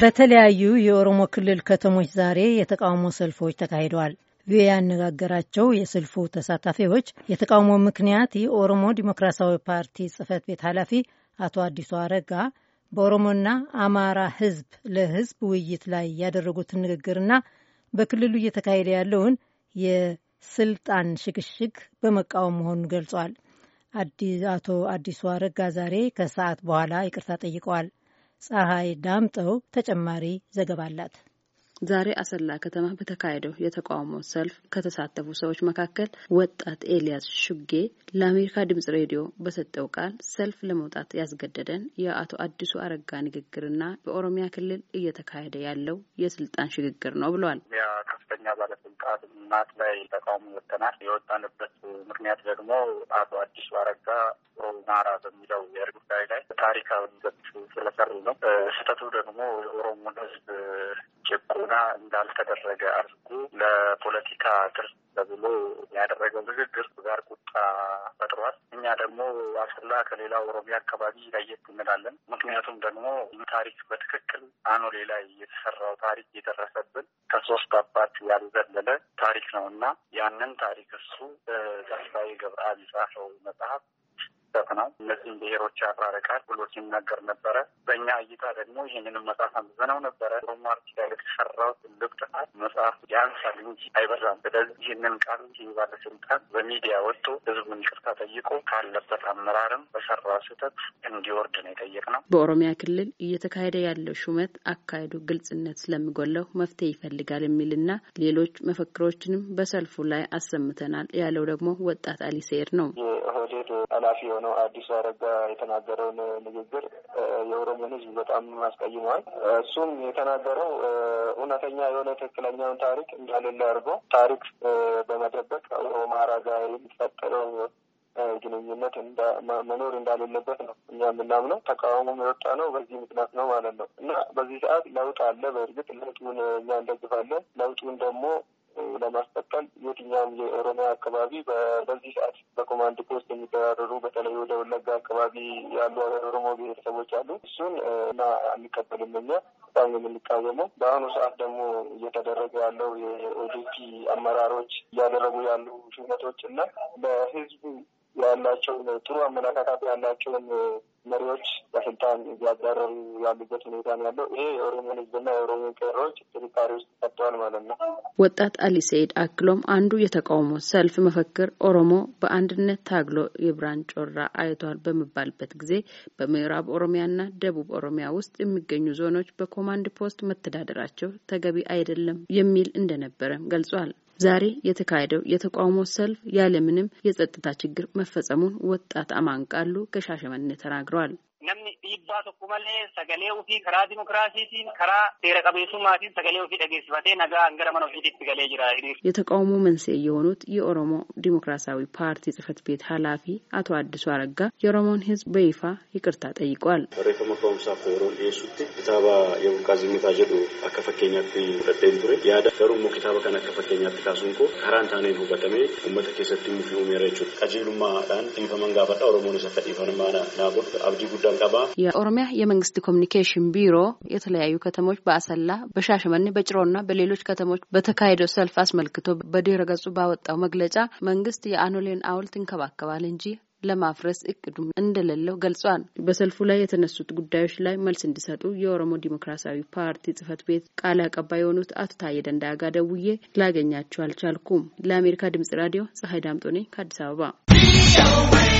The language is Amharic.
በተለያዩ የኦሮሞ ክልል ከተሞች ዛሬ የተቃውሞ ሰልፎች ተካሂደዋል። ቪኦኤ ያነጋገራቸው የሰልፉ ተሳታፊዎች የተቃውሞ ምክንያት የኦሮሞ ዲሞክራሲያዊ ፓርቲ ጽህፈት ቤት ኃላፊ አቶ አዲሱ አረጋ በኦሮሞና አማራ ህዝብ ለህዝብ ውይይት ላይ ያደረጉትን ንግግርና በክልሉ እየተካሄደ ያለውን የስልጣን ሽግሽግ በመቃወም መሆኑን ገልጿል። አቶ አዲሱ አረጋ ዛሬ ከሰዓት በኋላ ይቅርታ ጠይቀዋል። ፀሐይ ዳምጠው ተጨማሪ ዘገባ አላት። ዛሬ አሰላ ከተማ በተካሄደው የተቃውሞ ሰልፍ ከተሳተፉ ሰዎች መካከል ወጣት ኤልያስ ሹጌ ለአሜሪካ ድምጽ ሬዲዮ በሰጠው ቃል ሰልፍ ለመውጣት ያስገደደን የአቶ አዲሱ አረጋ ንግግርና በኦሮሚያ ክልል እየተካሄደ ያለው የስልጣን ሽግግር ነው ብሏል። ከፍተኛ ባለስልጣን እናት ላይ ተቃውሞ ወጥተናል። የወጣንበት ምክንያት ደግሞ አቶ አዲሱ አረጋ ኦሮማራ በሚለው የእርግ ጉዳይ ላይ ታሪካዊ ገብ ስለሰሩ ነው። ስህተቱ ደግሞ የኦሮሞ ህዝብ ጭቆና እንዳልተደረገ አድርጎ ለፖለቲካ ትርፍ ተብሎ ያደረገው ንግግር ጋር ቁጣ ፈጥሯል። እኛ ደግሞ አሰላ ከሌላ ኦሮሚያ አካባቢ ለየት እንላለን። ምክንያቱም ደግሞ ታሪክ በትክክል አኖሌ ላይ የተሰራው ታሪክ የደረሰብን ከሶስት አባት ያልዘለለ ታሪክ ነው እና ያንን ታሪክ እሱ ተስፋዬ ገብረአብ የጻፈው መጽሐፍ ይሰፍናል። እነዚህም ብሔሮች ያራርቃል ብሎ ሲነገር ነበረ። በእኛ እይታ ደግሞ ይህንንም መጽሐፍ አንብበነው ነበረ። ሮማርቲ ዳይሬክት ሰራው ትልቅ ጥፋት መጽሐፍ የአንሳ ሊንች አይበራም። ስለዚህ ይህንን ቃል ባለስልጣን በሚዲያ ወጥቶ ህዝቡን ይቅርታ ጠይቆ ካለበት አመራርም በሰራ ስህተት እንዲወርድ ነው የጠየቅነው። በኦሮሚያ ክልል እየተካሄደ ያለው ሹመት አካሄዱ ግልጽነት ስለሚጎለው መፍትሄ ይፈልጋል የሚልና ሌሎች መፈክሮችንም በሰልፉ ላይ አሰምተናል ያለው ደግሞ ወጣት አሊ ሰይድ ነው። የኦህዴድ ኃላፊ የሆነው አዲሱ አረጋ የተናገረውን ንግግር የኦሮሞን ህዝብ በጣም አስቀይመዋል። እሱም የተናገረው እውነተኛ የሆነ ትክክለ የአብዛኛውን ታሪክ እንደሌለ አድርጎ ታሪክ በመደበቅ ኦሮማራ ጋር የሚፈጠረው ግንኙነት መኖር እንዳሌለበት ነው እኛ የምናምነው። ተቃውሞም የወጣ ነው በዚህ ምክንያት ነው ማለት ነው እና በዚህ ሰዓት ለውጥ አለ። በእርግጥ ለውጡን እኛ እንደግፋለን። ለውጡን ደግሞ ለማስጠቀል የትኛውም የኦሮሚያ አካባቢ በዚህ ሰዓት በኮማንድ ፖስት የሚተዳደሩ በተለይ ወደ ወለጋ አካባቢ ያሉ ኦሮሞ ብሔረሰቦች አሉ። እሱን እና አንቀበልም እኛ በጣም የምንቃወመው። በአሁኑ ሰዓት ደግሞ እየተደረገ ያለው የኦዲፒ አመራሮች እያደረጉ ያሉ ሹመቶች እና በህዝቡ ያላቸውን ጥሩ አመለካከት ያላቸውን መሪዎች በስልጣን እያባረሩ ያሉበት ሁኔታ ነው ያለው። ይሄ የኦሮሞን ህዝብና የኦሮሞ ቀሪዎች ጥንካሬ ውስጥ ፈጥተዋል ማለት ነው። ወጣት አሊ ሰይድ አክሎም አንዱ የተቃውሞ ሰልፍ መፈክር ኦሮሞ በአንድነት ታግሎ የብራን ጮራ አይቷል በመባልበት ጊዜ በምዕራብ ኦሮሚያና ደቡብ ኦሮሚያ ውስጥ የሚገኙ ዞኖች በኮማንድ ፖስት መተዳደራቸው ተገቢ አይደለም የሚል እንደነበረም ገልጿል። ዛሬ የተካሄደው የተቃውሞ ሰልፍ ያለምንም የጸጥታ ችግር መፈጸሙን ወጣት አማን ቃሉ ከሻሸመኔ ተናግረዋል። namni dhiibbaa tokko malee sagalee ofii karaa dimokiraasiitiin karaa seera qabeessummaatiin sagalee ofii dhageessifatee nagaan gara mana ofiitti galee jira። የተቃውሞ መንስኤ የሆኑት የኦሮሞ ዲሞክራሲያዊ ፓርቲ ጽህፈት ቤት ኃላፊ አቶ አዲሱ አረጋ የኦሮሞን ህዝብ በይፋ ይቅርታ ጠይቋል። በሬተሞ ከሙሳፍ የሮን ሱቲ ኪታባ የቡልቃ ዝሚታ ጀዱ አከፈኬኛት ፍረዴን ቱሬ ያዳ ገሩሞ ኪታባ ከን አከፈኬኛት ካሱንኮ ከራንታኔን ሁበተሜ ኡመተ ኬሰቲ ሙፊ ሁሜረቹ ቀጂሉማ ዳን ዲፈመን ጋፈዳ ኦሮሞን ሰፈ ዲፈንማና ናጎ አብዲ ጉዳ የኦሮሚያ የመንግስት ኮሚኒኬሽን ቢሮ የተለያዩ ከተሞች በአሰላ፣ በሻሸመኔ፣ በጭሮና በሌሎች ከተሞች በተካሄደው ሰልፍ አስመልክቶ በድረ ገጹ ባወጣው መግለጫ መንግስት የአኖሌን ሐውልት ይንከባከባል እንጂ ለማፍረስ እቅዱም እንደሌለው ገልጿል። በሰልፉ ላይ የተነሱት ጉዳዮች ላይ መልስ እንዲሰጡ የኦሮሞ ዲሞክራሲያዊ ፓርቲ ጽህፈት ቤት ቃል አቀባይ የሆኑት አቶ ታዬ ደንደአ ደውዬ ላገኛቸው አልቻልኩም። ለአሜሪካ ድምጽ ራዲዮ ፀሐይ ዳምጦ ነኝ ከአዲስ አበባ።